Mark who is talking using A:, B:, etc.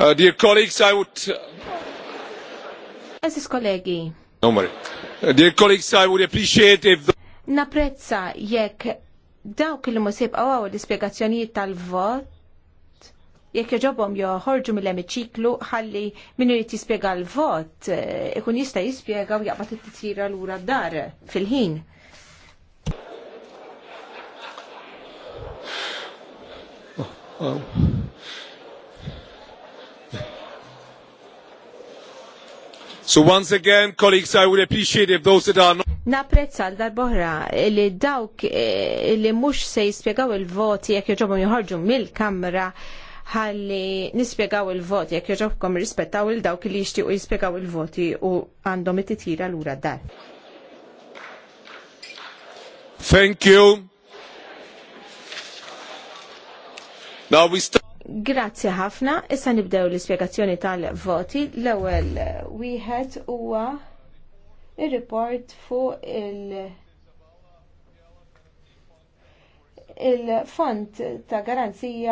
A: Uh, dear colleagues, I would.
B: Esis kollegi.
A: No Uh, dear colleagues, I would appreciate if. The...
B: Naprezza jekk dawk il musib għaw l-ispiegazzjonijiet tal-vot, jekk joġobom joħorġu mill-emiċiklu ħalli minnu jt jispiega l-vot, eh, ikun jista jispiega u jaqbat it-tira l-ura d-dar fil-ħin.
A: Oh, oh. So once again, colleagues, I would appreciate if those that are not...
B: Naprezza għal darbohra li dawk eh, li mux se jispiegaw il-voti jek joġobu joħorġu mil kamra ħalli nispiegaw il-voti jek joġobkom rispettaw il-dawk li jishtiqu jispiegaw il-voti u għandhom it-tira l-ura dar.
C: Thank you. Now we start.
B: Grazzi ħafna, issa nibdew l-ispjegazzjoni tal-voti. L-ewwel wieħed huwa ir-report fuq il- il-font ta' garanzija